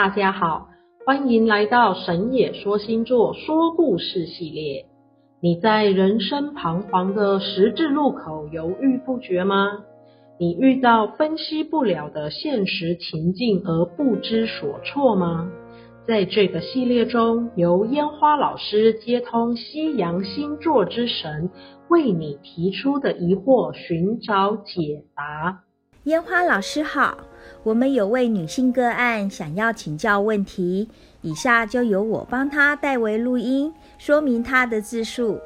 大家好，歡迎來到神野說星座說故事系列。你在人生彷徨的十字路口猶豫不決嗎？你遇到分析不了的現實情境而不知所措嗎？在這個系列中，由煙花老師接通西洋星座之神，為你提出的疑惑尋找解答。煙花老師好，我們有位女性個案想要請教問題，以下就由我幫她代為錄音，說明她的自述。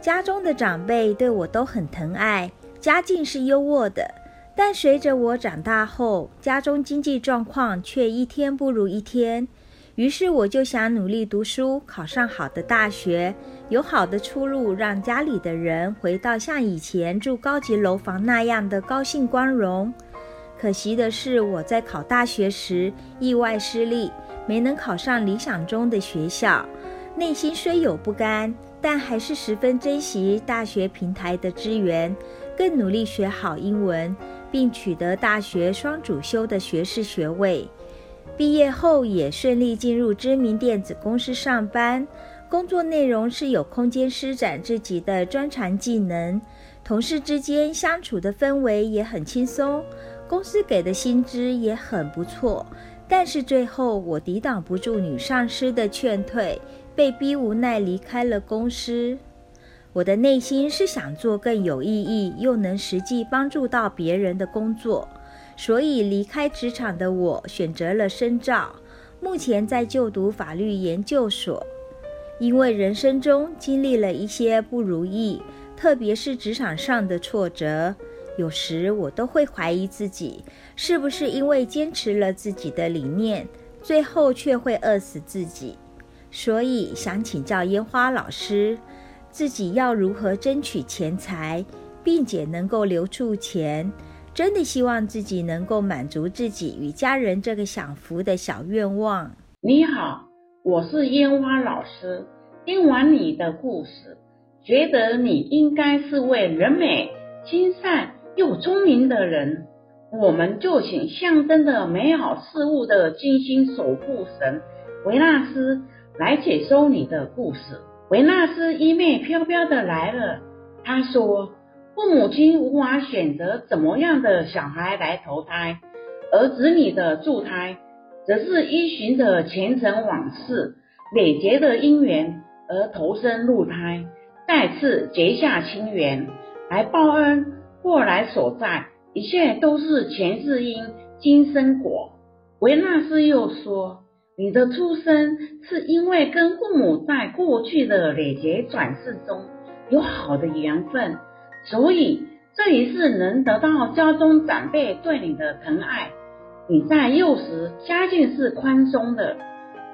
家中的長輩對我都很疼愛，家境是優渥的，但隨着我長大後，家中經濟狀況卻一天不如一天。於是我就想努力讀書，考上好的大學，有好的出路，讓家裡的人回到像以前住高級樓房那樣的高興光榮。可惜的是，我在考大學時意外失利，沒能考上理想中的學校。內心雖有不甘，但還是十分珍惜大學平台的資源，更努力學好英文，並取得大學雙主修的學士學位。畢業後也順利進入知名電子公司上班，工作內容是有空間施展自己的專長技能，同事之間相處的氛圍也很輕鬆，公司給的薪資也很不錯。但是最後我抵擋不住女上司的勸退，被逼無奈離開了公司。我的內心是想做更有意義又能實際幫助到別人的工作。所以離開職場的我選擇了深造，目前在就讀法律研究所。因為人生中經歷了一些不如意，特別是職場上的挫折，有時我都會懷疑自己是不是因為堅持了自己的理念，最後卻會餓死自己。所以想請教煙花老師，自己要如何爭取錢財，並且能夠留住錢。真的希望自己能夠滿足自己與家人這個享福的小願望。你好，我是煙花老師。聽完你的故事，覺得你應該是位人美心善又聰明的人。我們就請象徵著美好事物的金星守護神維納斯來解說你的故事。維納斯衣袂飄飄的來了，他說。父母親無法選擇怎麼樣的小孩來投胎，而子女的助胎，則是依循着前塵往事累劫的因緣而投生入胎，再次結下情緣來報恩，或來索債，一切都是前世因，今生果。維納斯又說，你的出生是因為跟父母在過去的累劫轉世中有好的緣分。所以，這一次能得到家中長輩對你的疼愛，你在幼時家境是寬鬆的。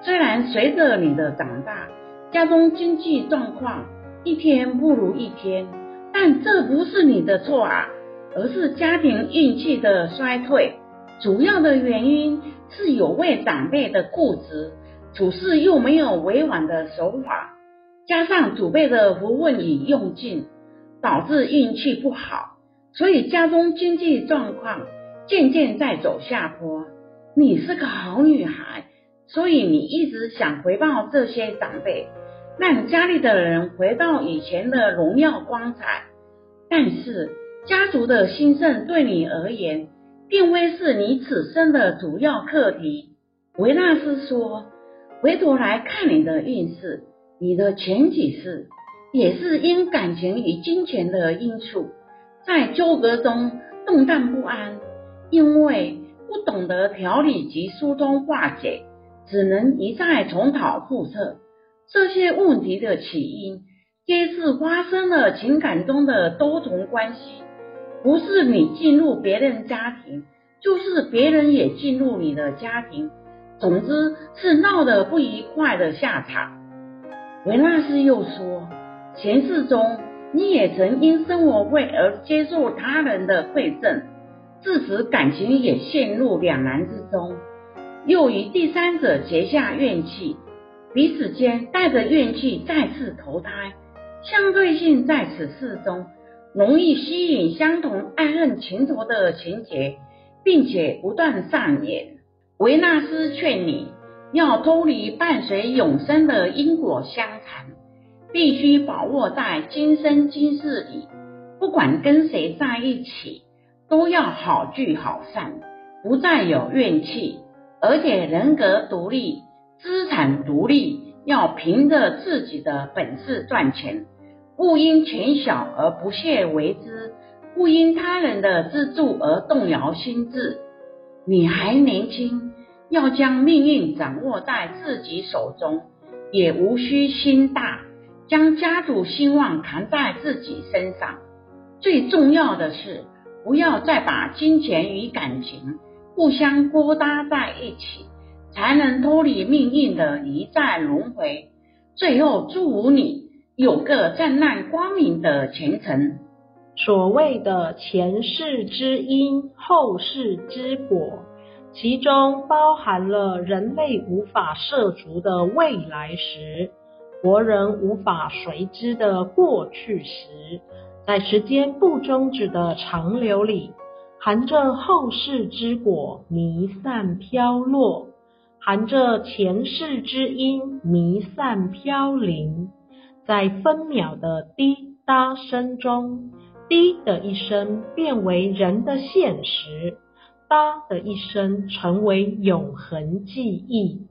雖然隨着你的長大，家中經濟狀況一天不如一天，但這不是你的錯啊，而是家庭運氣的衰退。主要的原因是有位長輩的固執，處事又沒有委婉的手法，加上祖輩的不問與用盡。導致運氣不好，所以家中經濟狀況漸漸在走下坡。你是個好女孩，所以你一直想回報這些長輩，讓家裡的人回報以前的榮耀光彩。但是家族的興盛對你而言，並非是你此生的主要課題。維納斯說：“回頭來看你的運勢，你的前幾世。”也是因感情與金錢的因素，在糾葛中動盪不安，因為不懂得調理及疏通化解，只能一再重蹈覆轍。這些問題的起因，皆是發生了情感中的多重關係，不是你進入別人家庭，就是別人也進入你的家庭，總之是鬧得不愉快的下場。維納斯又說。前世中，你也曾因生活費而接受他人的饋贈，至此感情也陷入兩難之中，又與第三者結下怨氣，彼此間帶着怨氣再次投胎。相對性在此世中容易吸引相同愛恨情仇的情節，並且不斷上演。維納斯勸你要脫離伴隨永生的因果相纏。必須把握在今生今世裡，不管跟誰在一起，都要好聚好散，不再有怨氣。而且人格獨立，資產獨立，要憑着自己的本事賺錢，勿因錢小而不屑為之，勿因他人的資助而動搖心智。你還年輕，要將命運掌握在自己手中，也無需心大。將家族興旺扛在自己身上，最重要的是不要再把金錢與感情互相勾搭在一起，才能脫離命運的一再輪迴。最後祝福你有個燦爛光明的前程。所謂的前世之因，後世之果，其中包含了人類無法涉足的未來時。活人無法隨之的過去時，在時間不終止的長流裡，含着後世之果彌散飄落，含着前世之因彌散飄零，在分秒的滴答聲中，滴的一聲變為人的現實，嗒的一聲成為永恆記憶。